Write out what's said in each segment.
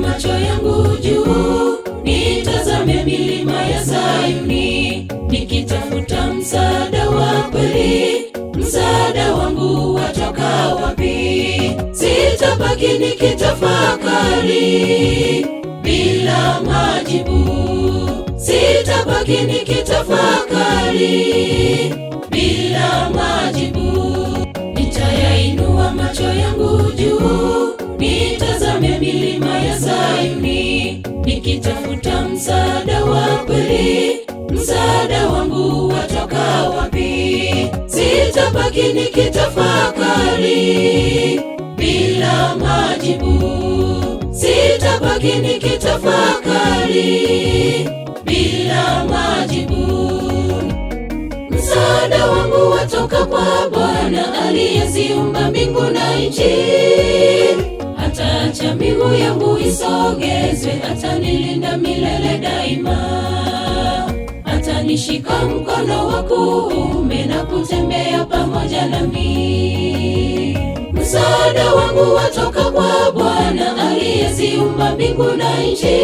macho yangu juu, nitazame milima ya Sayuni, nikitafuta msaada wa kweli. Msaada wangu watoka wapi? Sitabaki nikitafakari bila majibu, sitabaki nikitafakari bila majibu. Nimetafuta msaada wa kweli, msaada wangu watoka wapi? Sitabaki nikitafakari bila majibu, sitabaki nikitafakari bila majibu. Msaada wangu watoka kwa Bwana aliyeziumba mbingu na nchi. Acha miguu yangu isogezwe, atanilinda milele daima, atanishika mkono wa kuume na kutembea pamoja nami. Msaada wangu watoka kwa Bwana aliyeziumba mbingu na nchi.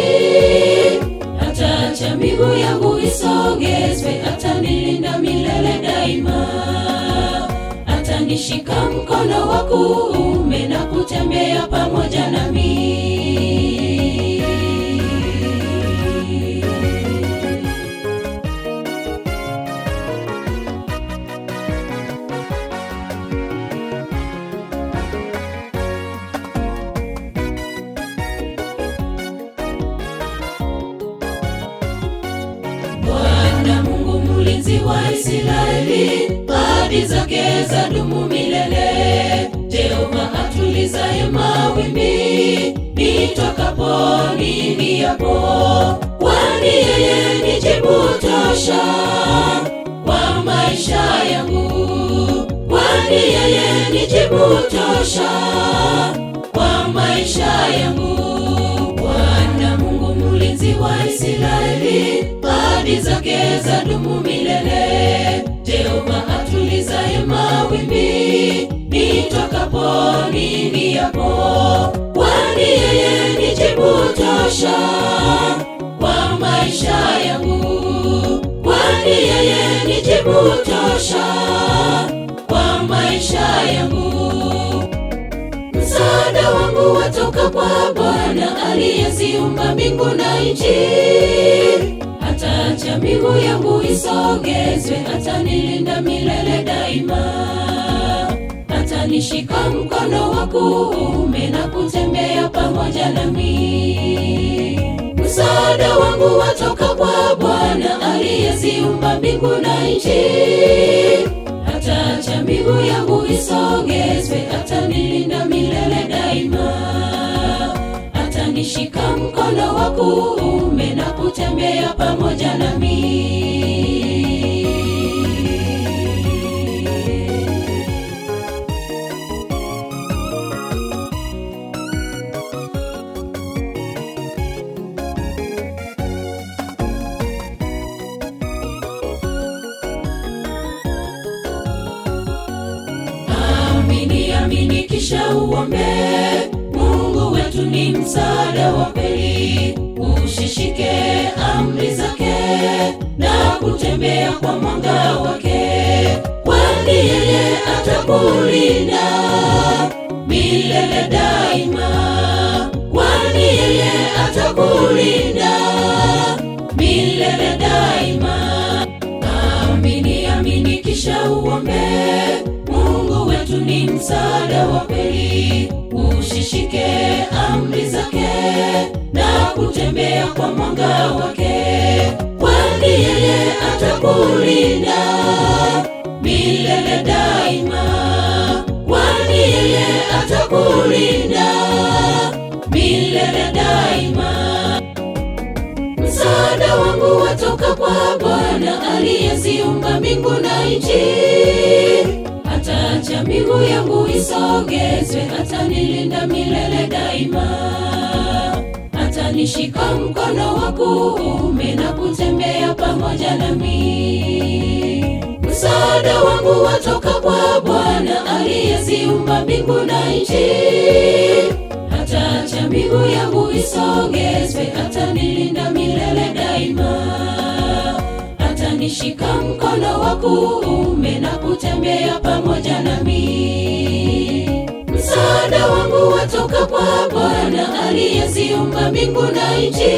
Ataacha miguu yangu isogezwe, atanilinda milele daima nishika mkono wa kuume na kutembea pamoja nami. Bwana Mungu mlinzi wa Israeli ahadi zake za dumu milele. Jehova atulizaye mawimbi, nitokapo niliapo, kwani yeye ni jibu tosha kwa maisha yangu, kwani yeye ni jibu tosha kwa maisha yangu. Bwana Mungu mlinzi wa Israeli, ahadi zake za dumu milele yako, kwani yeye ni jibu tosha kwa maisha yangu, kwani yeye ni jibu tosha kwa maisha yangu. Msaada wangu watoka kwa Bwana aliyeziumba mbingu na nchi. Ataacha miguu yangu isogezwe, atanilinda milele daima nishika mkono wa kuume na kutembea pamoja nami. Msaada wangu watoka kwa Bwana aliyeziumba mbingu na nchi. Hataacha miguu yangu isogezwe, atanilinda milele daima. Atanishika mkono wa kuume na kutembea pamoja nami. Tunaamini kisha uombe. Mungu wetu ni msaada wa kweli, ushishike amri zake na kutembea kwa mwanga wake, kwani yeye atakulinda milele daima, kwani yeye atakulinda milele daima. Amini, amini kisha msaada wa kweli, ushishike amri zake na kutembea kwa mwanga wake, kwani yeye atakulinda milele daima, kwani yeye atakulinda milele daima. Msaada wangu watoka kwa Bwana aliyeziumba mbingu na nchi acha miguu yangu isogezwe, atanilinda milele daima, atanishika mkono wa kuume na kutembea pamoja nami. Msaada wangu watoka kwa Bwana aliyeziumba mbingu na nchi, hata acha miguu yangu isogezwe, atanilinda milele daima, atanishika kuume na kutembea pamoja nami. Msaada wangu watoka kwa Bwana aliyeziumba mbingu na nchi.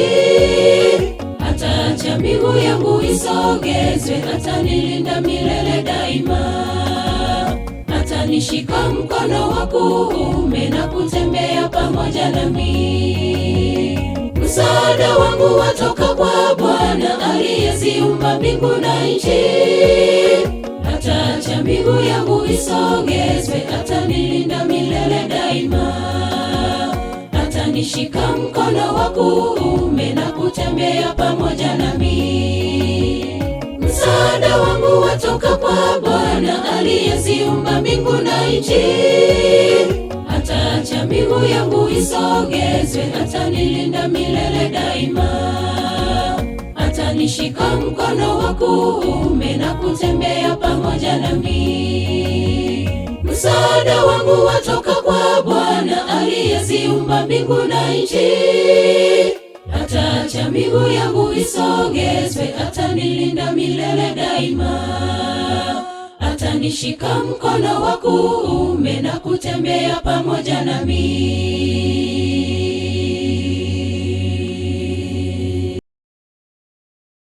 Hataacha miguu yangu isogezwe, atanilinda milele daima. Atanishika mkono wa kuume na kutembea pamoja nami. Msaada wangu watoka kwa Nitaziumba mbingu na nchi, ataacha miguu yangu isogezwe. Atanilinda milele daima, atanishika mkono wa kuume na kutembea pamoja nami. Msaada wangu watoka kwa Bwana aliyeziumba mbingu na nchi ataacha miguu yangu isogezwe, atanilinda milele daima. Alinishika mkono wa kuume na kutembea pamoja nami. Msaada wangu watoka kwa Bwana aliyeziumba mbingu na nchi. Ataacha miguu yangu isogezwe, atanilinda milele daima. Atanishika mkono wa kuume na kutembea pamoja nami.